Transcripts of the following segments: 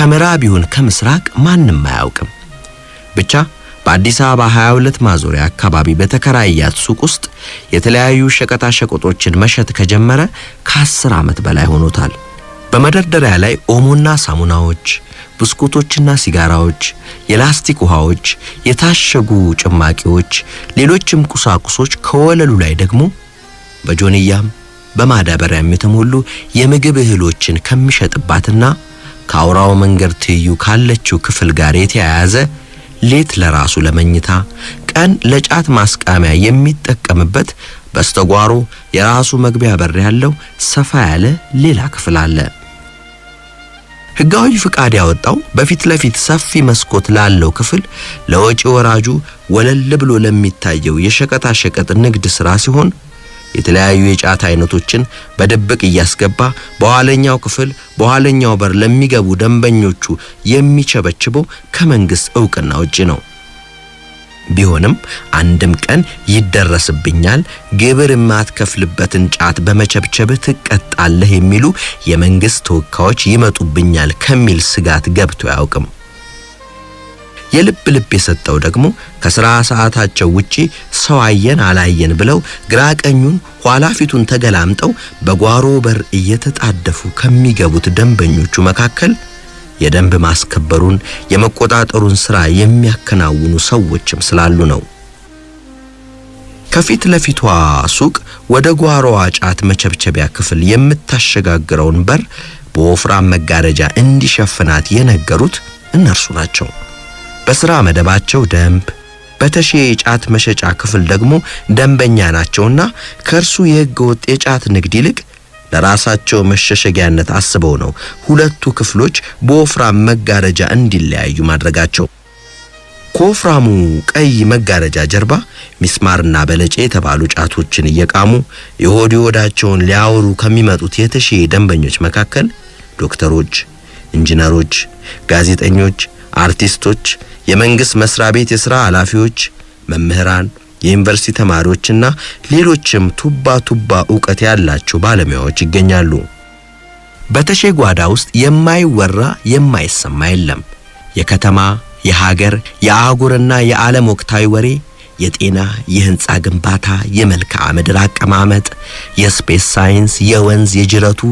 ከምዕራብ ይሁን ከምስራቅ ማንም አያውቅም። ብቻ በአዲስ አበባ 22 ማዞሪያ አካባቢ በተከራያት ሱቅ ውስጥ የተለያዩ ሸቀጣ ሸቀጦችን መሸጥ ከጀመረ ከ10 ዓመት በላይ ሆኖታል። በመደርደሪያ ላይ ኦሞና ሳሙናዎች፣ ብስኩቶችና ሲጋራዎች፣ የላስቲክ ውሃዎች፣ የታሸጉ ጭማቂዎች፣ ሌሎችም ቁሳቁሶች ከወለሉ ላይ ደግሞ በጆንያም በማዳበሪያም የተሞሉ የምግብ እህሎችን ከሚሸጥባትና ከአውራው መንገድ ትይዩ ካለችው ክፍል ጋር የተያያዘ ሌት ለራሱ ለመኝታ ቀን ለጫት ማስቃሚያ የሚጠቀምበት በስተጓሮ የራሱ መግቢያ በር ያለው ሰፋ ያለ ሌላ ክፍል አለ። ሕጋዊ ፍቃድ ያወጣው በፊት ለፊት ሰፊ መስኮት ላለው ክፍል ለወጪ ወራጁ ወለል ብሎ ለሚታየው የሸቀጣሸቀጥ ንግድ ሥራ ሲሆን የተለያዩ የጫት አይነቶችን በድብቅ እያስገባ በኋለኛው ክፍል በኋለኛው በር ለሚገቡ ደንበኞቹ የሚቸበችበው ከመንግስት እውቅና ውጪ ነው። ቢሆንም አንድም ቀን ይደረስብኛል፣ ግብር የማትከፍልበትን ጫት በመቸብቸብህ ትቀጣለህ የሚሉ የመንግስት ተወካዮች ይመጡብኛል ከሚል ስጋት ገብቶ አያውቅም። የልብ ልብ የሰጠው ደግሞ ከስራ ሰዓታቸው ውጪ ሰው አየን አላየን ብለው ግራ ቀኙን ኋላ ፊቱን ተገላምጠው በጓሮ በር እየተጣደፉ ከሚገቡት ደንበኞቹ መካከል የደንብ ማስከበሩን የመቆጣጠሩን ስራ የሚያከናውኑ ሰዎችም ስላሉ ነው። ከፊት ለፊቷ ሱቅ ወደ ጓሮዋ ጫት መቸብቸቢያ ክፍል የምታሸጋግረውን በር በወፍራም መጋረጃ እንዲሸፍናት የነገሩት እነርሱ ናቸው። በሥራ መደባቸው ደንብ በተሼ የጫት መሸጫ ክፍል ደግሞ ደንበኛ ናቸውና ከእርሱ የሕገ ወጥ የጫት ንግድ ይልቅ ለራሳቸው መሸሸጊያነት አስበው ነው ሁለቱ ክፍሎች በወፍራም መጋረጃ እንዲለያዩ ማድረጋቸው። ከወፍራሙ ቀይ መጋረጃ ጀርባ ሚስማርና በለጬ የተባሉ ጫቶችን እየቃሙ የሆድ ሆዳቸውን ሊያወሩ ከሚመጡት የተሼ ደንበኞች መካከል ዶክተሮች፣ ኢንጂነሮች፣ ጋዜጠኞች፣ አርቲስቶች የመንግስት መስሪያ ቤት የሥራ ኃላፊዎች፣ መምህራን፣ የዩኒቨርሲቲ ተማሪዎችና ሌሎችም ቱባ ቱባ ዕውቀት ያላቸው ባለሙያዎች ይገኛሉ። በተሼ ጓዳ ውስጥ የማይወራ የማይሰማ የለም። የከተማ የሀገር፣ የአህጉርና የዓለም ወቅታዊ ወሬ የጤና፣ የህንፃ ግንባታ፣ የመልክዓ ምድር አቀማመጥ፣ የስፔስ ሳይንስ፣ የወንዝ የጅረቱ፣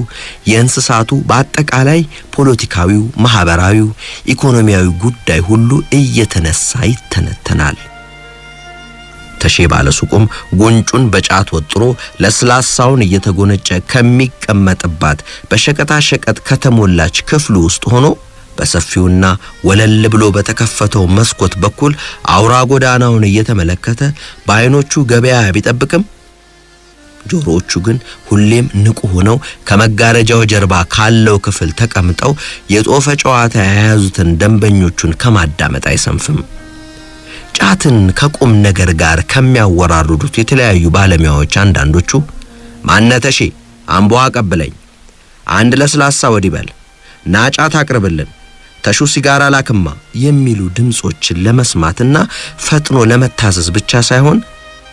የእንስሳቱ በአጠቃላይ ፖለቲካዊው፣ ማህበራዊው፣ ኢኮኖሚያዊ ጉዳይ ሁሉ እየተነሳ ይተነተናል። ተሼ ባለሱቁም ጉንጩን በጫት ወጥሮ ለስላሳውን እየተጎነጨ ከሚቀመጥባት በሸቀጣ ሸቀጥ ከተሞላች ክፍሉ ውስጥ ሆኖ በሰፊውና ወለል ብሎ በተከፈተው መስኮት በኩል አውራ ጎዳናውን እየተመለከተ በዓይኖቹ ገበያ ቢጠብቅም ጆሮዎቹ ግን ሁሌም ንቁ ሆነው ከመጋረጃው ጀርባ ካለው ክፍል ተቀምጠው የጦፈ ጨዋታ የያዙትን ደንበኞቹን ከማዳመጥ አይሰንፍም። ጫትን ከቁም ነገር ጋር ከሚያወራርዱት የተለያዩ ባለሙያዎች አንዳንዶቹ ማነተሺ አምቦ አቀብለኝ፣ አንድ ለስላሳ ወዲህ በል፣ ና ጫት አቅርብልን ተሹ ሲጋራ ላክማ የሚሉ ድምጾችን ለመስማትና ፈጥኖ ለመታዘዝ ብቻ ሳይሆን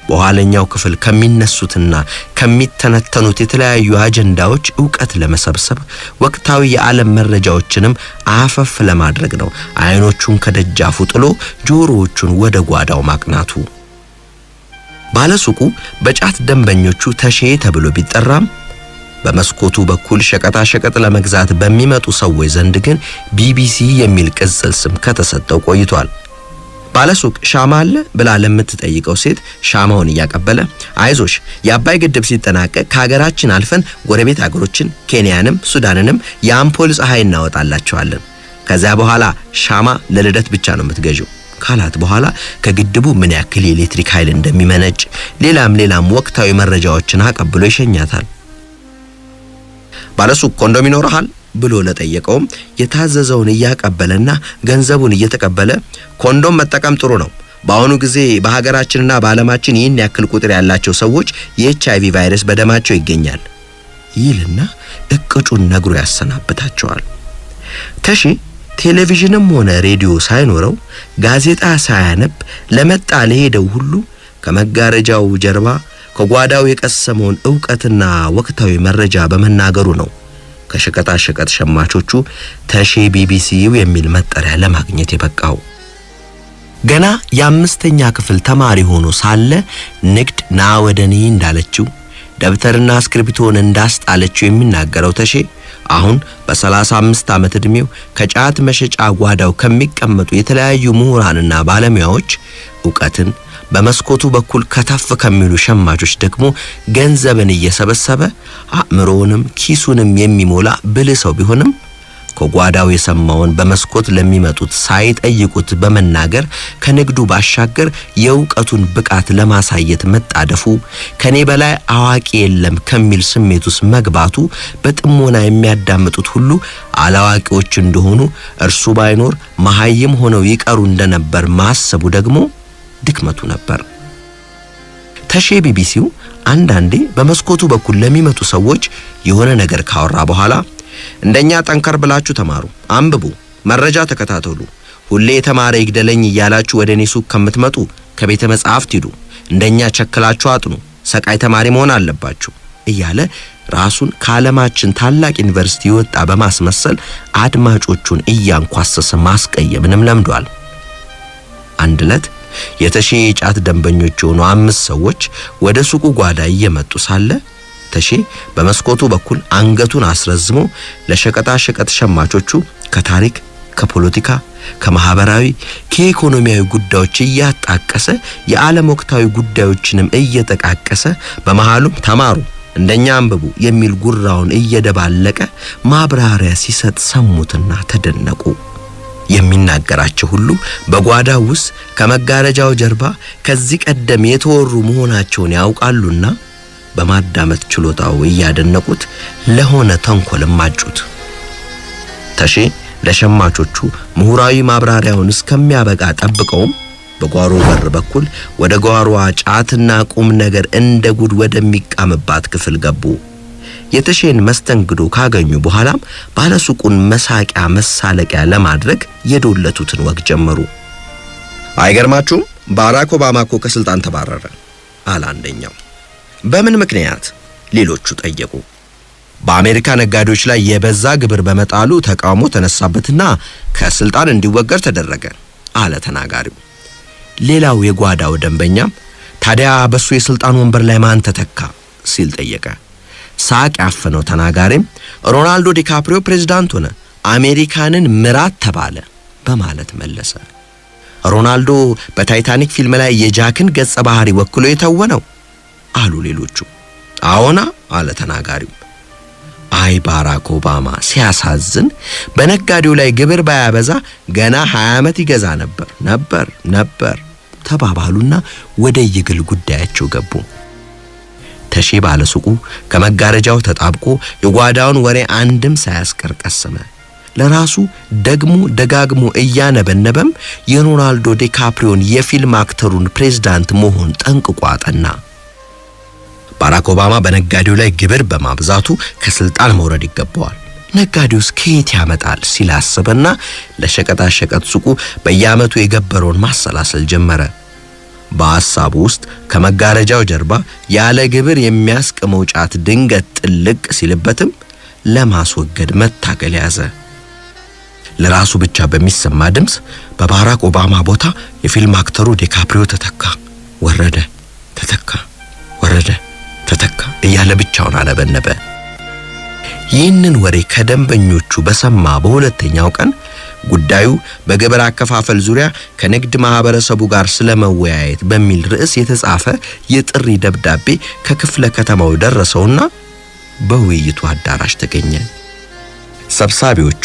በኋለኛው ክፍል ከሚነሱትና ከሚተነተኑት የተለያዩ አጀንዳዎች ዕውቀት ለመሰብሰብ ወቅታዊ የዓለም መረጃዎችንም አፈፍ ለማድረግ ነው። አይኖቹን ከደጃፉ ጥሎ ጆሮዎቹን ወደ ጓዳው ማቅናቱ ባለሱቁ በጫት ደንበኞቹ ተሼ ተብሎ ቢጠራም በመስኮቱ በኩል ሸቀጣ ሸቀጥ ለመግዛት በሚመጡ ሰዎች ዘንድ ግን ቢቢሲ የሚል ቅጽል ስም ከተሰጠው ቆይቷል። ባለሱቅ ሻማ አለ ብላ ለምትጠይቀው ሴት ሻማውን እያቀበለ አይዞሽ፣ የአባይ ግድብ ሲጠናቀቅ ከሀገራችን አልፈን ጎረቤት አገሮችን ኬንያንም ሱዳንንም የአምፖል ፀሐይ እናወጣላቸዋለን። ከዚያ በኋላ ሻማ ለልደት ብቻ ነው የምትገዢው ካላት በኋላ ከግድቡ ምን ያክል የኤሌክትሪክ ኃይል እንደሚመነጭ ሌላም ሌላም ወቅታዊ መረጃዎችን አቀብሎ ይሸኛታል። ባለሱቅ ኮንዶም ይኖርሃል ብሎ ለጠየቀውም የታዘዘውን እያቀበለና ገንዘቡን እየተቀበለ ኮንዶም መጠቀም ጥሩ ነው። በአሁኑ ጊዜ በሀገራችንና በዓለማችን ይህን ያክል ቁጥር ያላቸው ሰዎች የኤች አይቪ ቫይረስ በደማቸው ይገኛል ይልና እቅጩን ነግሮ ያሰናብታቸዋል። ተሺ ቴሌቪዥንም ሆነ ሬዲዮ ሳይኖረው ጋዜጣ ሳያነብ ለመጣ ለሄደው ሁሉ ከመጋረጃው ጀርባ ከጓዳው የቀሰመውን ዕውቀትና ወቅታዊ መረጃ በመናገሩ ነው ከሸቀጣ ሸቀጥ ሸማቾቹ ተሼ ቢቢሲው የሚል መጠሪያ ለማግኘት የበቃው። ገና የአምስተኛ ክፍል ተማሪ ሆኖ ሳለ ንግድ ና ወደኔ እንዳለችው ደብተርና እስክሪብቶን እንዳስጣለችው የሚናገረው ተሼ አሁን በ35 ዓመት ዕድሜው ከጫት መሸጫ ጓዳው ከሚቀመጡ የተለያዩ ምሁራንና ባለሙያዎች ዕውቀትን በመስኮቱ በኩል ከተፍ ከሚሉ ሸማቾች ደግሞ ገንዘብን እየሰበሰበ አእምሮውንም ኪሱንም የሚሞላ ብልህ ሰው ቢሆንም ከጓዳው የሰማውን በመስኮት ለሚመጡት ሳይጠይቁት በመናገር ከንግዱ ባሻገር የእውቀቱን ብቃት ለማሳየት መጣደፉ ከኔ በላይ አዋቂ የለም ከሚል ስሜት ውስጥ መግባቱ በጥሞና የሚያዳምጡት ሁሉ አላዋቂዎች እንደሆኑ እርሱ ባይኖር መሐይም ሆነው ይቀሩ እንደነበር ማሰቡ ደግሞ ድክመቱ ነበር። ተሼ ቢቢሲው አንዳንዴ በመስኮቱ በኩል ለሚመጡ ሰዎች የሆነ ነገር ካወራ በኋላ እንደኛ ጠንከር ብላችሁ ተማሩ፣ አንብቡ፣ መረጃ ተከታተሉ፣ ሁሌ የተማረ ይግደለኝ እያላችሁ ወደ እኔ ሱቅ ከምትመጡ ከቤተ መጻሕፍት ሂዱ፣ እንደኛ ቸክላችሁ አጥኑ፣ ሰቃይ ተማሪ መሆን አለባችሁ እያለ ራሱን ከዓለማችን ታላቅ ዩኒቨርሲቲ የወጣ በማስመሰል አድማጮቹን እያንኳሰሰ ማስቀየምንም ለምዷል። አንድ ዕለት የተሼ የጫት ደንበኞች የሆኑ አምስት ሰዎች ወደ ሱቁ ጓዳ እየመጡ ሳለ ተሼ በመስኮቱ በኩል አንገቱን አስረዝሞ ለሸቀጣ ሸቀጥ ሸማቾቹ ከታሪክ፣ ከፖለቲካ፣ ከማህበራዊ፣ ከኢኮኖሚያዊ ጉዳዮች እያጣቀሰ የዓለም ወቅታዊ ጉዳዮችንም እየጠቃቀሰ በመሃሉም ተማሩ እንደኛ አንብቡ የሚል ጉራውን እየደባለቀ ማብራሪያ ሲሰጥ ሰሙትና ተደነቁ። የሚናገራቸው ሁሉ በጓዳ ውስጥ ከመጋረጃው ጀርባ ከዚህ ቀደም የተወሩ መሆናቸውን ያውቃሉና በማዳመጥ ችሎታው እያደነቁት ለሆነ ተንኮልም አጩት። ተሼ ለሸማቾቹ ምሁራዊ ማብራሪያውን እስከሚያበቃ ጠብቀውም በጓሮ በር በኩል ወደ ጓሮዋ ጫትና ቁም ነገር እንደ ጉድ ወደሚቃምባት ክፍል ገቡ። የተሼን መስተንግዶ ካገኙ በኋላም ባለሱቁን መሳቂያ መሳለቂያ ለማድረግ የዶለቱትን ወግ ጀመሩ። አይገርማችሁም? ባራክ ኦባማ እኮ ከስልጣን ተባረረ አለ አንደኛው። በምን ምክንያት ሌሎቹ ጠየቁ። በአሜሪካ ነጋዴዎች ላይ የበዛ ግብር በመጣሉ ተቃውሞ ተነሳበትና ከስልጣን እንዲወገድ ተደረገ አለ ተናጋሪው። ሌላው የጓዳው ደንበኛም ታዲያ በሱ የስልጣን ወንበር ላይ ማን ተተካ ሲል ጠየቀ። ሳቅ ያፈነው ተናጋሪም ሮናልዶ ዲካፕሪዮ ፕሬዝዳንት ሆነ፣ አሜሪካንን ምራት ተባለ በማለት መለሰ። ሮናልዶ በታይታኒክ ፊልም ላይ የጃክን ገጸ ባህሪ ወክሎ የተወነው አሉ ሌሎቹ። አዎና አለ ተናጋሪው። አይ ባራክ ኦባማ ሲያሳዝን፣ በነጋዴው ላይ ግብር ባያበዛ ገና 20 ዓመት ይገዛ ነበር ነበር ነበር ተባባሉና ወደ የግል ጉዳያቸው ገቡ። ተሼ ባለሱቁ ከመጋረጃው ተጣብቆ የጓዳውን ወሬ አንድም ሳያስቀር ቀሰመ። ለራሱ ደግሞ ደጋግሞ እያነበነበም የሮናልዶ ዴካፕሪዮን የፊልም አክተሩን ፕሬዝዳንት መሆን ጠንቅቆ አጠና። ባራክ ኦባማ በነጋዴው ላይ ግብር በማብዛቱ ከስልጣን መውረድ ይገባዋል፣ ነጋዴውስ ከየት ያመጣል ሲል አሰበና ለሸቀጣሸቀጥ ሱቁ በየዓመቱ የገበረውን ማሰላሰል ጀመረ። በሐሳቡ ውስጥ ከመጋረጃው ጀርባ ያለ ግብር የሚያስቅመው ጫት ድንገት ጥልቅ ሲልበትም ለማስወገድ መታገል ያዘ። ለራሱ ብቻ በሚሰማ ድምፅ በባራክ ኦባማ ቦታ የፊልም አክተሩ ዲካፕሪዮ ተተካ፣ ወረደ፣ ተተካ፣ ወረደ፣ ተተካ እያለ ብቻውን አነበነበ። ይህንን ወሬ ከደንበኞቹ በሰማ በሁለተኛው ቀን ጉዳዩ በገበር አከፋፈል ዙሪያ ከንግድ ማህበረሰቡ ጋር ስለመወያየት በሚል ርዕስ የተጻፈ የጥሪ ደብዳቤ ከክፍለ ከተማው ደረሰውና በውይይቱ አዳራሽ ተገኘ። ሰብሳቢዎቹ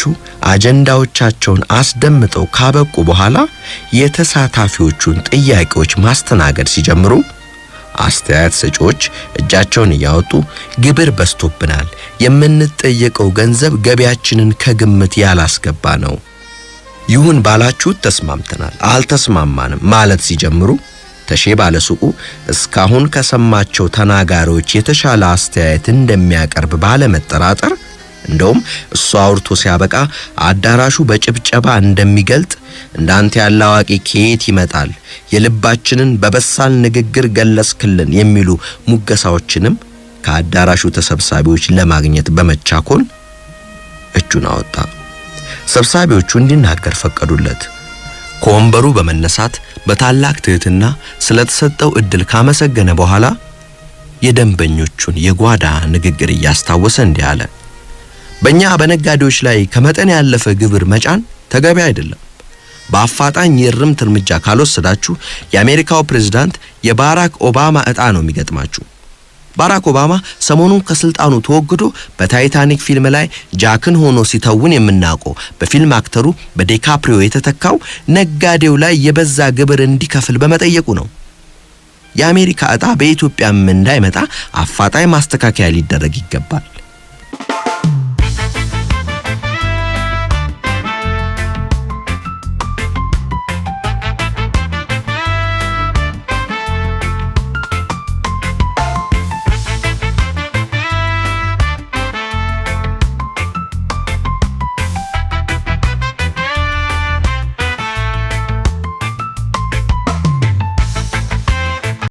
አጀንዳዎቻቸውን አስደምጠው ካበቁ በኋላ የተሳታፊዎቹን ጥያቄዎች ማስተናገድ ሲጀምሩ አስተያየት ሰጪዎች እጃቸውን እያወጡ ግብር በዝቶብናል፣ የምንጠየቀው ገንዘብ ገቢያችንን ከግምት ያላስገባ ነው ይሁን ባላችሁት ተስማምተናል፣ አልተስማማንም ማለት ሲጀምሩ ተሼ ባለሱቁ እስካሁን ከሰማቸው ተናጋሪዎች የተሻለ አስተያየት እንደሚያቀርብ ባለመጠራጠር እንደውም እሱ አውርቶ ሲያበቃ አዳራሹ በጭብጨባ እንደሚገልጥ እንዳንተ ያለ አዋቂ ከየት ይመጣል? የልባችንን በበሳል ንግግር ገለጽክልን የሚሉ ሙገሳዎችንም ከአዳራሹ ተሰብሳቢዎች ለማግኘት በመቻኮል እጁን አወጣ። ሰብሳቢዎቹ እንዲናገር ፈቀዱለት። ከወንበሩ በመነሳት በታላቅ ትህትና ስለተሰጠው እድል ካመሰገነ በኋላ የደንበኞቹን የጓዳ ንግግር እያስታወሰ እንዲህ አለ። በእኛ በነጋዴዎች ላይ ከመጠን ያለፈ ግብር መጫን ተገቢ አይደለም። በአፋጣኝ የእርምት እርምጃ ካልወሰዳችሁ የአሜሪካው ፕሬዝዳንት የባራክ ኦባማ ዕጣ ነው የሚገጥማችሁ። ባራክ ኦባማ ሰሞኑን ከስልጣኑ ተወግዶ በታይታኒክ ፊልም ላይ ጃክን ሆኖ ሲተውን የምናውቀው በፊልም አክተሩ በዴካፕሪዮ የተተካው ነጋዴው ላይ የበዛ ግብር እንዲከፍል በመጠየቁ ነው። የአሜሪካ ዕጣ በኢትዮጵያም እንዳይመጣ አፋጣኝ ማስተካከያ ሊደረግ ይገባል።